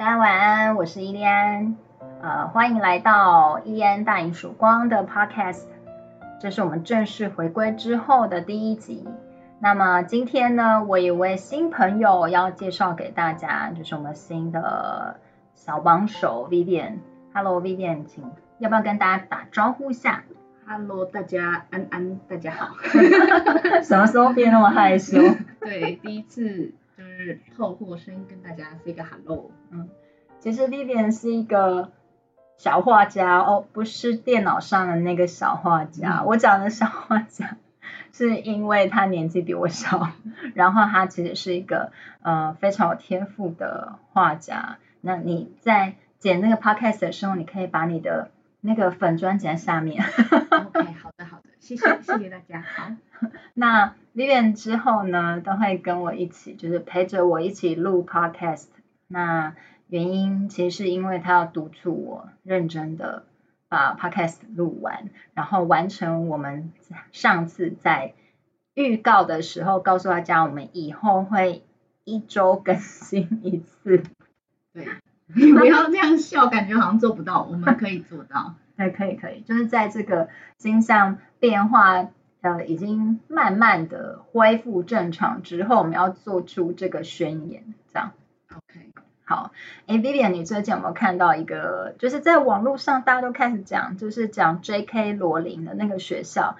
大家晚安，我是伊蓮，呃，歡迎來到伊蓮大英曙光的 podcast，這是我們正式回歸之後的第一集。那麼今天呢，我有位新朋友要介紹給大家，就是我們新的小幫手 Vivian。Hello Vivian，請要不要跟大家打招呼一下？Hello 大家，安安，大家好。 什麼時候變那麼害羞？ 對，第一次就是透過聲音跟大家 say 一個 hello。其實 Vivian 是一個小畫家哦，不是電腦上的那個小畫家。我講的小畫家是因為他年紀比我小，然後他其實是一個呃非常有天賦的畫家。那你在剪那個 podcast 的時候，你可以把你的那個粉專剪下面。OK，好的好的，謝謝謝謝大家。好，那 Vivian 之後呢，都會跟我一起，就是陪着我一起錄 podcast。那原因其實是因為他要督促我認真的把 podcast 錄完，然後完成我們上次在預告的時候告訴大家，我們以後會一周更新一次。對，不要那樣笑， 感覺好像做不到。我們可以做到，對，可以可以，就是在這個形象變化呃已經慢慢的恢復正常之後，我們要做出這個宣言，這樣。OK。好，哎，Vivian，你最近有沒有看到一個？就是在網絡上，大家都開始講，就是講 J.K. 羅琳的那個學校，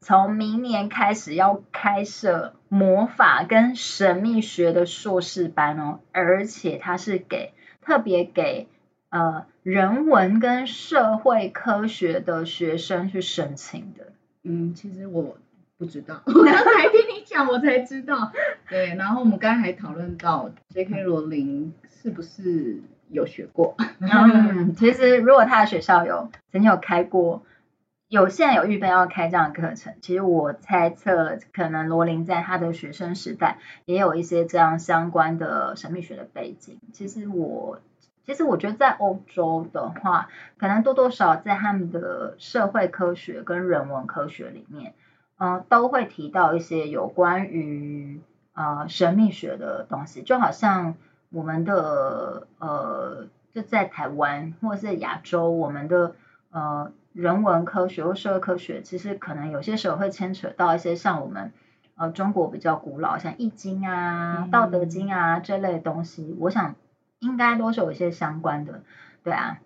從明年開始要開設魔法跟神秘學的碩士班哦，而且它是給特別給呃人文跟社會科學的學生去申請的。嗯，其實我。不知道，我剛才聽你講，我才知道。對，然後我們剛才還討論到 J.K. 羅琳是不是有學過？其實如果他的學校有曾經有開過，有現在有預備要開這樣的課程。其實我猜測，可能羅琳在他的學生時代也有一些這樣相關的神秘學的背景。其實我其實我覺得在歐洲的話，可能多多少在他們的社會科學跟人文科學裡面。嗯，都會提到一些有關於呃神秘學的東西，就好像我們的呃就在台灣或是亞洲，我們的呃人文科學或社會科學，其實可能有些時候會牽扯到一些像我們呃中國比較古老像易經啊、道德經啊、嗯、這類東西，我想應該都是有一些相關的，對啊。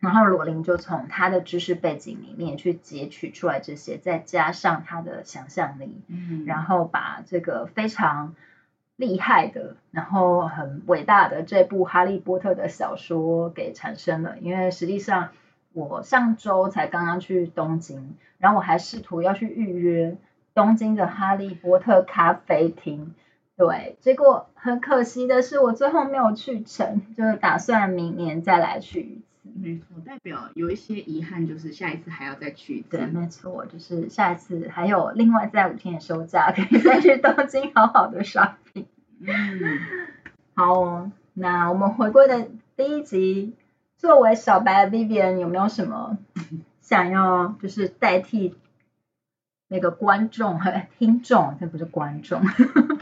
然後羅琳就從她的知識背景裡面去截取出來這些，再加上她的想象力，嗯，然後把這個非常厲害的，然後很偉大的這部《哈利波特》的小說給產生了。因為實際上我上周才剛剛去東京，然後我還試圖要去預約東京的《哈利波特》咖啡廳，對，結果很可惜的是我最後沒有去成，就是打算明年再來去。沒錯，代表有一些遺憾，就是下一次還要再去。對，沒錯，就是下一次還有另外再五天的休假，可以再去東京好好的 shopping，嗯，好、哦，那我們回歸的第一集，作為小白 Vivian 有沒有什麼想要就是代替那個觀眾和聽眾？這不是觀眾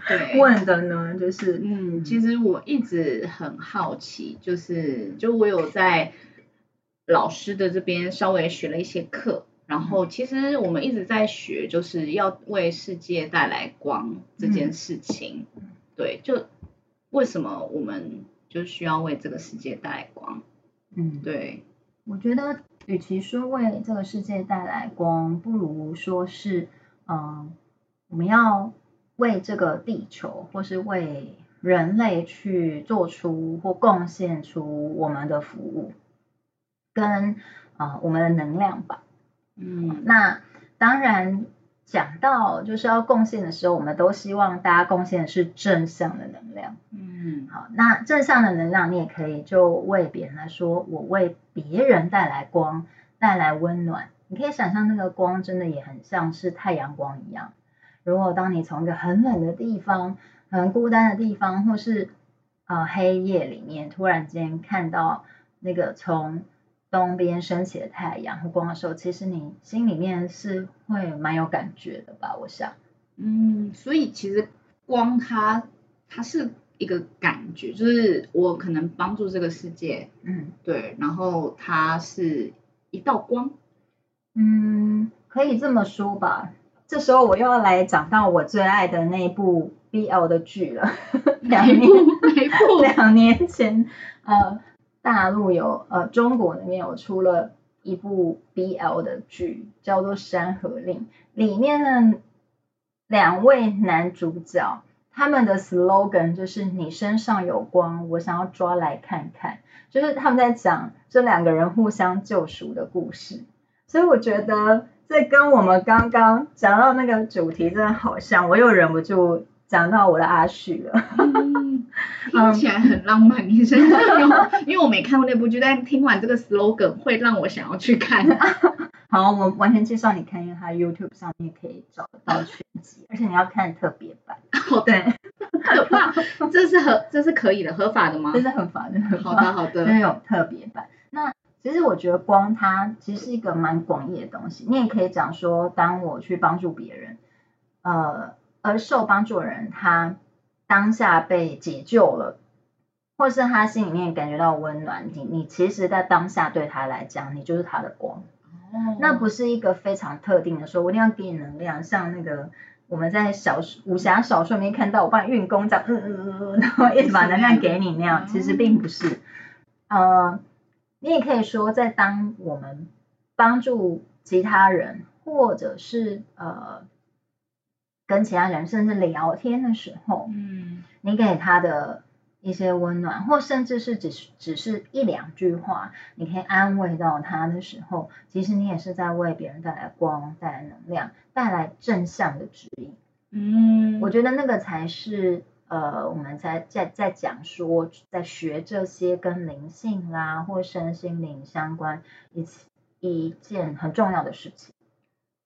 對問的呢，就是嗯，其實我一直很好奇，就是就我有在。老師的這邊稍微學了一些課，然後其實我們一直在學，就是要為世界帶來光這件事情。嗯。對，就為什麼我們就需要為這個世界帶來光？嗯，對。我覺得，與其說為這個世界帶來光，不如說是，嗯，我們要為這個地球或是為人類去做出或貢獻出我們的服務。跟啊、呃，我們的能量吧，嗯，那當然講到就是要貢獻的時候，我們都希望大家貢獻的是正向的能量，嗯，好，那正向的能量，你也可以就為別人來說，我為別人帶來光，帶來溫暖，你可以想象那個光，真的也很像是太陽光一樣。如果當你從一個很冷的地方、很孤單的地方，或是啊、呃、黑夜裡面，突然間看到那個從東邊升起的太陽光的時候，其實你心裡面是會蠻有感覺的吧？我想，嗯，所以其實光它，它是一個感覺，就是我可能幫助這個世界，嗯，對，然後它是一道光，嗯，可以這麼說吧。這時候我又要來講到我最愛的那一部 BL 的劇了，兩 年，兩 年前，呃。大陸有呃，中國裡面有出了一部 BL 的劇，叫做《山河令》，裡面呢，兩位男主角他們的 slogan 就是“你身上有光，我想要抓來看看”，就是他們在講這兩個人互相救贖的故事。所以我覺得這跟我們剛剛講到那個主題真的好像，我又忍不住。講到我的阿旭了，聽起來很浪漫，嗯、因為 因為我沒看過那部劇，但聽完這個 slogan 會讓我想要去看。好，我完全介紹你看，因為它 YouTube 上面可以找得到全集， 而且你要看特別版好的。對，可怕，這是合，這是可以的，合法的嗎？真的很煩，真的好的好的，因為有特別版。那其實我覺得光它其實是一個蠻廣義的東西，你也可以講說，當我去幫助別人，呃。而受幫助的人，他當下被解救了，或是他心裡面感覺到溫暖，你你其實在當下對他來講，你就是他的光。哦，那不是一個非常特定的說，我一定要給你能量，像那個我們在小武俠小說裡面看到，我幫你運功這樣，講嗯嗯嗯嗯，然後一直把能量給你那樣，嗯，其實並不是。呃，你也可以說，在當我們幫助其他人，或者是呃。跟其他人甚至聊天的時候，嗯，你給他的一些溫暖，或甚至是只是只是一兩句話，你可以安慰到他的時候，其實你也是在為別人帶來光、帶來能量、帶來正向的指引。嗯，我覺得那個才是呃，我們在在在講說，在學這些跟靈性啦、啊、或身心靈相關一一件很重要的事情。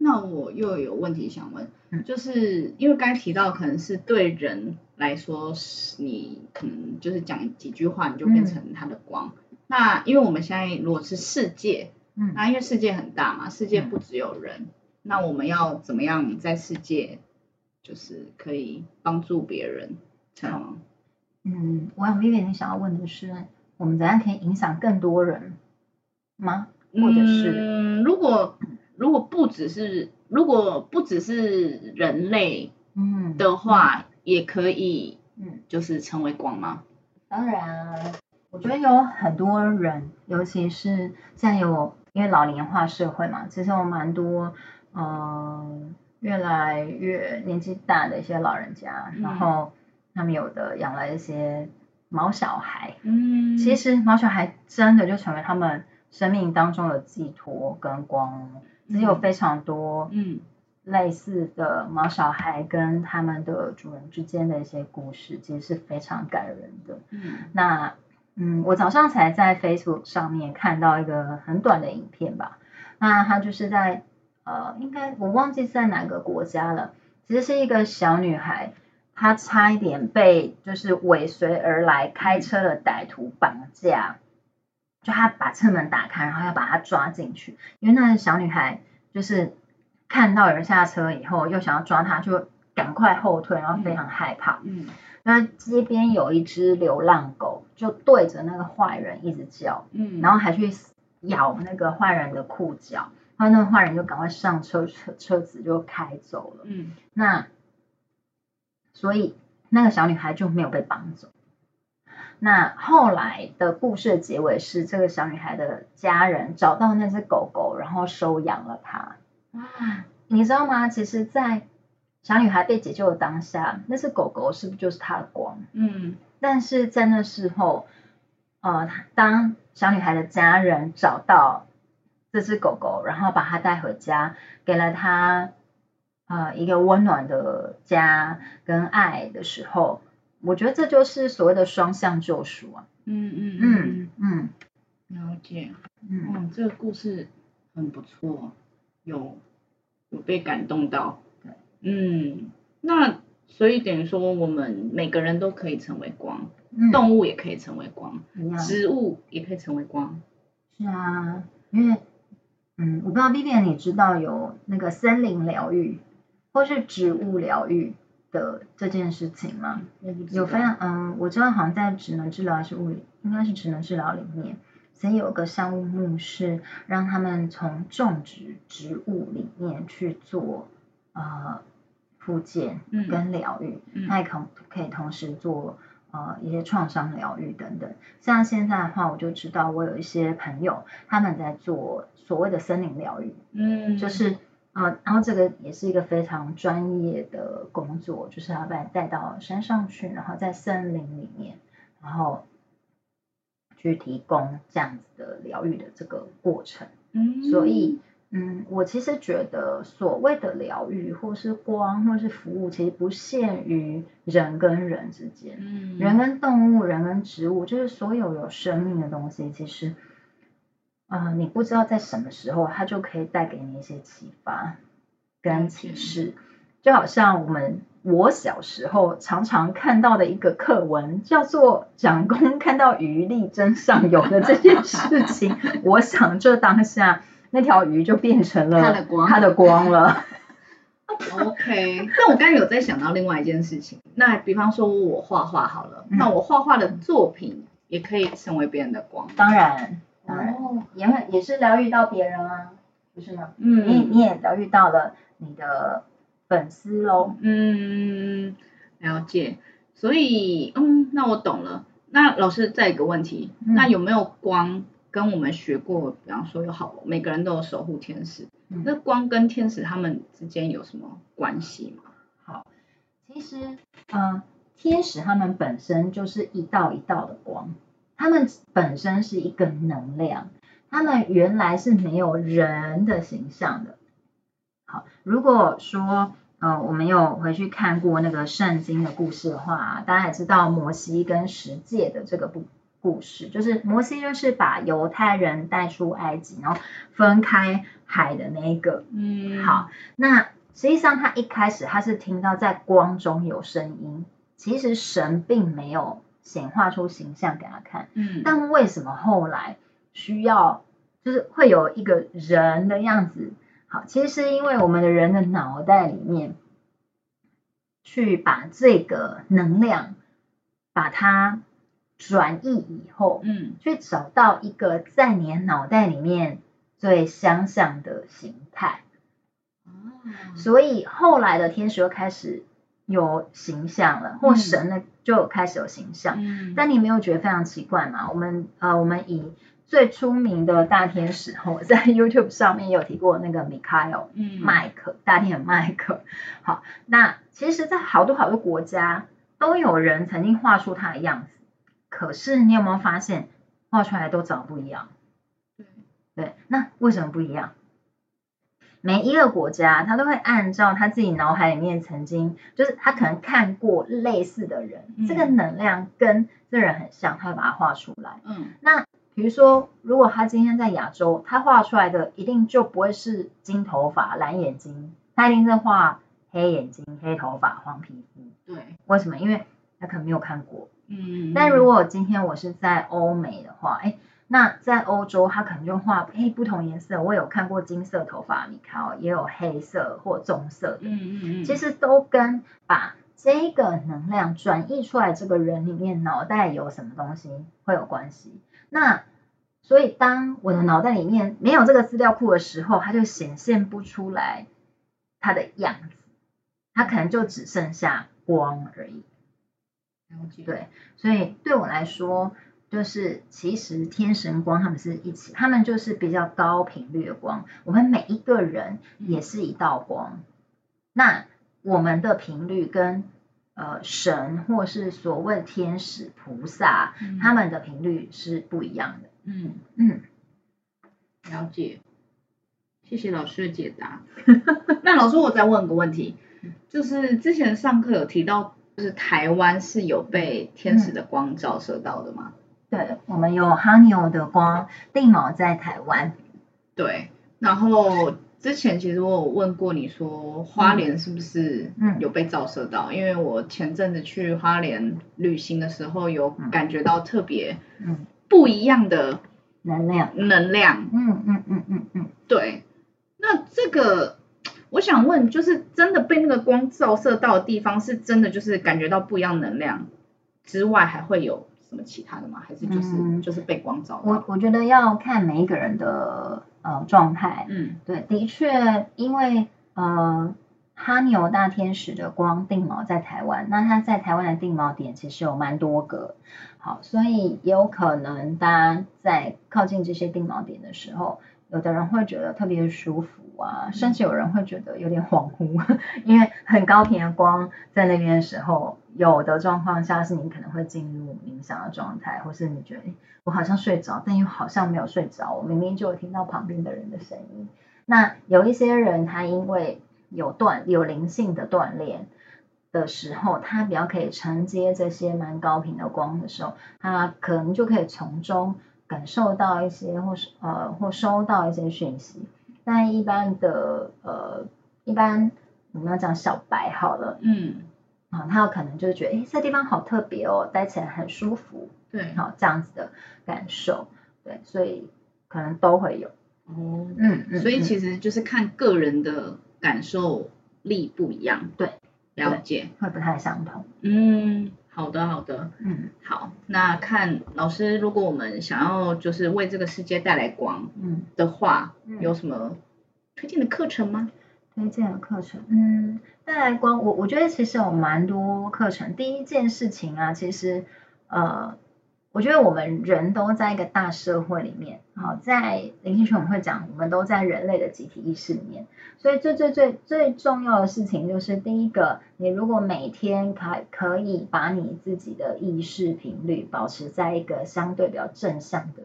那我又有問題想問，嗯、就是因為剛才提到，可能是對人來說，你可能就是講幾句話，你就變成他的光。嗯。那因為我們現在如果是世界、嗯，那因為世界很大嘛，世界不只有人，嗯、那我們要怎麼樣在世界就是可以幫助別人？哦、嗯，嗯，我有一點你想要問的是，我們怎樣可以影響更多人嗎？或者是、嗯、如果？如果不只是如果不只是人類嗯的話嗯，也可以嗯就是成為光嗎？嗯，當然，我覺得有很多人，尤其是現在有因為老齡化社會嘛，其實有蠻多嗯，呃，越來越年紀大的一些老人家，嗯，然後他們有的養了一些毛小孩，嗯，其實毛小孩真的就成為他們生命當中的寄托跟光。只有非常多嗯類似的毛小孩跟他們的主人之間的一些故事，其實是非常感人的。嗯，那嗯，我早上才在 Facebook 上面看到一個很短的影片吧。那他就是在呃，應該我忘記在哪個國家了。其實是一個小女孩，她差一點被就是尾隨而來開車的歹徒綁架。就他把車門打開，然後要把他抓進去，因為那個小女孩就是看到有人下車以後，又想要抓他，就趕快後退，然後非常害怕。嗯，嗯，那街邊有一隻流浪狗，就對着那個壞人一直叫，嗯，然後還去咬那個壞人的褲腳，然後那個壞人就趕快上車，車車子就開走了。嗯，那所以那個小女孩就沒有被綁走。那後來的故事的結尾是，這個小女孩的家人找到那隻狗狗，然後收養了它。哇，啊，你知道嗎？其實，在小女孩被解救的當下，那隻狗狗是不是就是她的光？嗯，但是在那時候，呃，當小女孩的家人找到這隻狗狗，然後把它帶回家，給了它呃一個溫暖的家跟愛的時候。我覺得這就是所謂的雙向救贖啊。嗯嗯嗯嗯，了解。嗯，這個故事很不錯，有有被感動到。嗯，那所以等於說，我們每個人都可以成為光，嗯、動物也可以成為光、嗯、植物也可以成為光、嗯，植物也可以成為光。是啊，因為嗯，我不知道 Vivian、嗯、你知道有那個森林療癒，或是植物療癒。的這件事情嗎？嗯、有發現？嗯，我知道好像在職能治療還是物理，應該是職能治療裡面，曾有個項目是讓他們從種植植物裡面去做呃復健跟療癒，嗯、那也可以可以同時做呃一些創傷療癒等等。像現在的話，我就知道我有一些朋友他們在做所謂的森林療癒，嗯，就是。啊，然後這個也是一個非常專業的工作，就是他把你帶到山上去，然後在森林裡面，然後去提供這樣子的療癒的這個過程。嗯，所以，嗯，我其實覺得所謂的療癒，或是光，或是服務，其實不限於人跟人之間，嗯，人跟動物，人跟植物，就是所有有生命的東西，其實。啊、嗯，你不知道在什麼時候，它就可以帶給你一些啟發跟啟示，就好像我們我小時候常常看到的一個課文，叫做“蔣公看到魚力爭上游的這件事情， 我想這當下那條魚就變成了他的光，他的光了。OK，那 我剛剛有在想到另外一件事情，那比方說我畫畫好了，嗯、那我畫畫的作品也可以成為別人的光，當然。後也很也是療癒到別人啊，不是嗎？嗯，你你也療癒到了你的粉絲咯。嗯，了解。所以，嗯，那我懂了。那老師再一個問題、嗯，那有沒有光跟我們學過？比方說好，有好每個人都有守護天使、嗯，那光跟天使他們之間有什麼關係嗎？好，其實嗯、呃，天使他們本身就是一道一道的光。他們本身是一個能量，他們原來是沒有人的形象的。好，如果說呃，我們有回去看過那個聖經的故事的話，大家也知道摩西跟十誡的這個故故事，就是摩西就是把猶太人帶出埃及，然後分開海的那一個。嗯。好，那實際上他一開始他是聽到在光中有聲音，其實神並沒有。顯化出形象給他看，嗯，但為什麼後來需要就是會有一個人的樣子？好，其實是因為我們的人的腦袋裡面去把這個能量把它轉移以後，嗯，去找到一個在你腦袋裡面最相像的形態，哦、嗯，所以後來的天使又開始。有形象了，或神呢、嗯，就開始有形象、嗯。但你沒有覺得非常奇怪嗎？我們呃，我們以最出名的大天使，我在 YouTube 上面有提過那個 Michael，嗯，邁克，大天使邁克。好，那其實，在好多好多國家都有人曾經畫出他的樣子，可是你有沒有發現，畫出來都長不一樣、嗯？對，那為什麼不一樣？每一個國家，他都會按照他自己腦海裡面曾經，就是他可能看過類似的人，嗯、這個能量跟這人很像，他會把它畫出來。嗯，那比如說，如果他今天在亞洲，他畫出來的一定就不會是金頭髮、藍眼睛，他一定在畫黑眼睛、黑頭髮、黃皮膚。對，為什麼？因為他可能沒有看過。嗯，但如果今天我是在歐美的話，誒。那在歐洲，他可能就畫誒不同顏色。我有看過金色頭髮，你看也有黑色或棕色的。其實都跟把這個能量轉移出來，這個人裡面腦袋有什麼東西會有關係，那所以，當我的腦袋裡面沒有這個資料庫的時候，他就顯現不出來他的樣子，他可能就只剩下光而已。對，所以對我來說。就是其實天神光他們是一起，他們就是比較高頻率的光。我們每一個人也是一道光，那我們的頻率跟呃神或是所謂天使菩薩他們的頻率是不一樣的。嗯嗯，了解，謝謝老師的解答。 那老師，我再問個問題，就是之前上課有提到，就是台灣是有被天使的光照射到的嗎？對，我們有哈尼歐的光定錨在台灣。對，然後之前其實我有問過你說花蓮是不是有被照射到？嗯嗯、因為我前陣子去花蓮旅行的時候，有感覺到特別不一樣的能量。嗯嗯嗯、能量。嗯嗯嗯嗯嗯。對，那這個我想問，就是真的被那個光照射到的地方，是真的就是感覺到不一樣能量之外，還會有？什麼其他的嗎？還是就是、嗯、就是被光照？我我覺得要看每一個人的呃狀態。嗯，對，的確，因為呃哈牛大天使的光定錨在台灣，那它在台灣的定錨點其實有蠻多個。好，所以也有可能大家在靠近這些定錨點的時候，有的人會覺得特別舒服。啊，甚至有人會覺得有點恍惚。因為很高頻的光在那邊的時候，有的狀況下是你可能會進入冥想的狀態，或是你覺得我好像睡着，但又好像沒有睡着，我明明就有聽到旁邊的人的聲音。那有一些人，他因為有鍛有靈性的鍛鍊的時候，他比較可以承接這些蠻高頻的光的時候，他可能就可以從中感受到一些，或是呃或收到一些訊息。但一般的，呃，一般我們要講小白好了，嗯，啊，他有可能就覺得，哎，這地方好特別哦，待起來很舒服，對，好這樣子的感受，對，所以可能都會有，嗯嗯，嗯，所以其實就是看個人的感受力不一樣，嗯、對，了解會不太相同，嗯。好的，好的，嗯，好，那看老師，如果我們想要就是為這個世界帶來光，嗯的話，有什麼推薦的課程嗎？推薦的課程，嗯，帶來光，我我覺得其實有蠻多課程。第一件事情啊，其實，呃。我覺得我們人都在一個大社會裡面，好，在林我們會講，我們都在人類的集體意識裡面，所以最最最最重要的事情就是，第一個，你如果每天可可以把你自己的意識頻率保持在一個相對比較正向的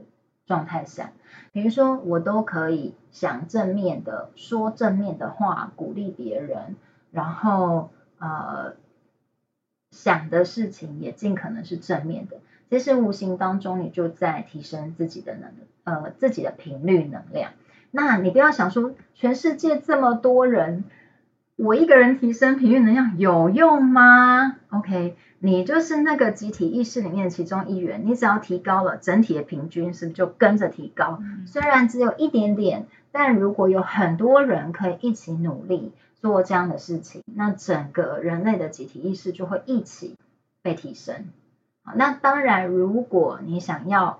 狀態下，比如說我都可以想正面的，說正面的話，鼓勵別人，然後呃，想的事情也盡可能是正面的，其實無形當中，你就在提升自己的能，呃，自己的頻率能量。那你不要想說，全世界這麼多人，我一個人提升頻率能量有用嗎？OK，你就是那個集體意識裡面的其中一員，你只要提高了整體的平均，是不是就跟着提高？雖然只有一點點，但如果有很多人可以一起努力做這樣的事情，那整個人類的集體意識就會一起被提升。那當然，如果你想要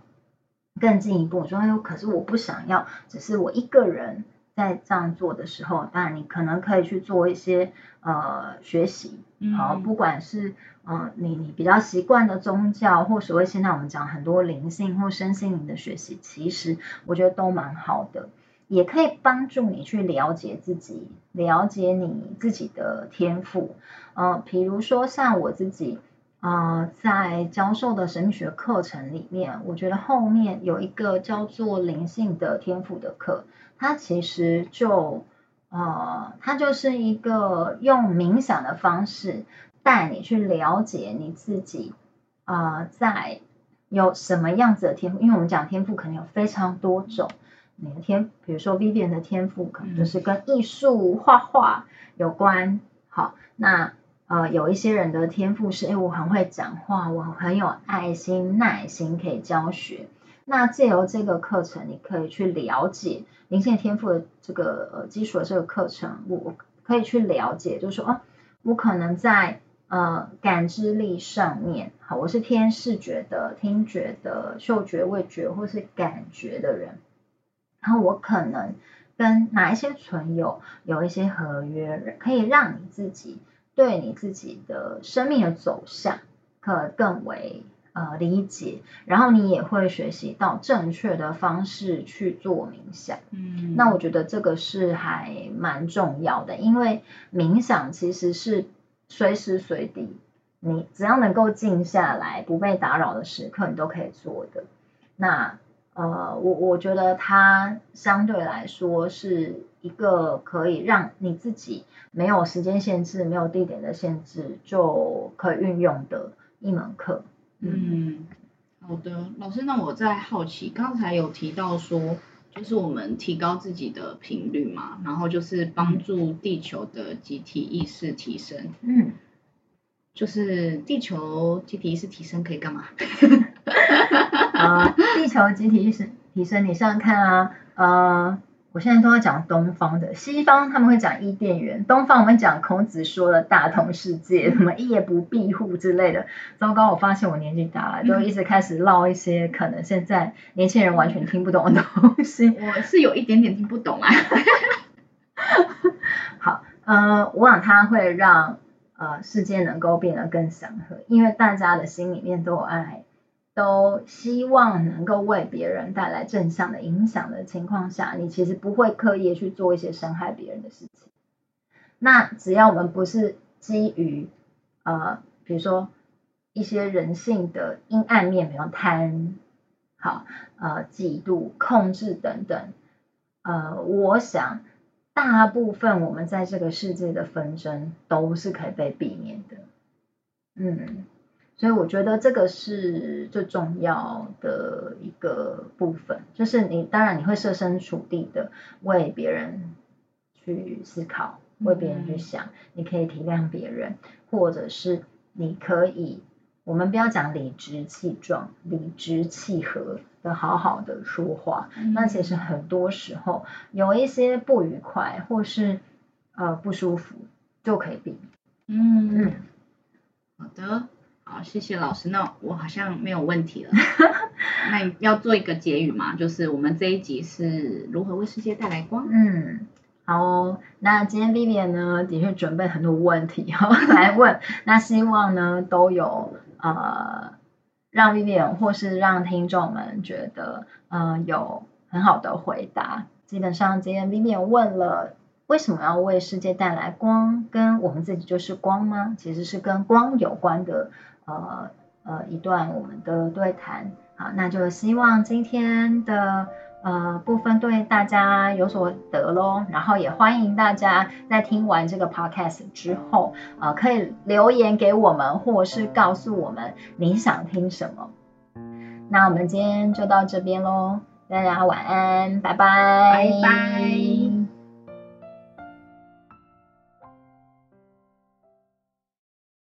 更進一步，我說，哎呦，可是我不想要，只是我一個人在這樣做的時候，那你可能可以去做一些呃學習，好、嗯，不管是嗯、呃，你你比較習慣的宗教，或所謂現在我們講很多靈性或身心靈的學習，其實我覺得都蠻好的，也可以幫助你去了解自己，了解你自己的天賦，嗯、呃，比如說像我自己。啊、呃，在教授的神秘學課程裡面，我覺得後面有一個叫做靈性的天賦的課，它其實就呃，它就是一個用冥想的方式帶你去了解你自己啊、呃，在有什麼樣子的天賦？因為我們講天賦，可能有非常多種你的天賦，比如說 Vivian 的天賦可能就是跟藝術、畫畫有關。嗯、好，那。呃，有一些人的天賦是，哎、欸，我很會講話，我很有愛心、耐心，可以教學。那借由這個課程，你可以去了解靈性天賦的這個呃基礎的這個課程，我可以去了解，就是說，哦，我可能在呃感知力上面，好，我是天視覺的、聽覺的、嗅覺、味覺或是感覺的人，然後我可能跟哪一些存有，有一些合約人，可以讓你自己。對你自己的生命的走向，可更為呃理解，然後你也會學習到正確的方式去做冥想。嗯，那我覺得這個是還蠻重要的，因為冥想其實是隨時隨地，你只要能夠靜下來、不被打擾的時刻，你都可以做的。那呃，我我覺得它相對來說是一個可以讓你自己沒有時間限制、沒有地點的限制就可以運用的一門課，嗯。嗯，好的，老師，那我在好奇，剛才有提到說，就是我們提高自己的頻率嘛，然後就是幫助地球的集體意識提升。嗯，就是地球集體意識提升可以幹嘛？ 啊、呃！地球集體意識提升，你想想看啊！呃，我現在都在講東方的，西方他們會講伊甸園，東方我們講孔子說的大同世界，什麼夜不閉戶之類的。糟糕，我發現我年紀大了，就一直開始嘮一些可能現在年輕人完全聽不懂的東西，嗯。我是有一點點聽不懂啊。 好，呃，我想它會讓呃世界能夠變得更祥和，因為大家的心裡面都有愛。都希望能夠為別人帶來正向的影響的情況下，你其實不會刻意去做一些傷害別人的事情。那只要我們不是基於呃，比如說一些人性的陰暗面，比如貪、好呃，嫉妒、控制等等，呃，我想大部分我們在這個世界的紛爭都是可以被避免的。嗯。所以我覺得這個是最重要的一個部分，就是你當然你會設身處地的為別人去思考，為別人去想，okay. 你可以體諒別人，或者是你可以，我們不要講理直氣壯、理直氣和的好好的說話，mm -hmm. 那其實很多時候有一些不愉快或是呃不舒服就可以避免。嗯、mm -hmm.，好的。好，謝謝老師。那我好像沒有問題了。那你要做一個結語嘛？ 就是我們這一集是如何為世界帶來光。嗯，好、哦。那今天 Vivian 呢，的確準備很多問題 來問。那希望呢，都有呃，讓 Vivian 或是讓聽眾們覺得，嗯、呃，有很好的回答。基本上今天 Vivian 問了，為什麼要為世界帶來光？跟我們自己就是光嗎？其實是跟光有關的。呃呃，一段我們的對談，好，那就希望今天的呃部分對大家有所得嘍。然後也歡迎大家在聽完這個 podcast 之後，呃，可以留言給我們，或是告訴我們你想聽什麼。那我們今天就到這邊嘍，大家晚安，拜拜，拜拜。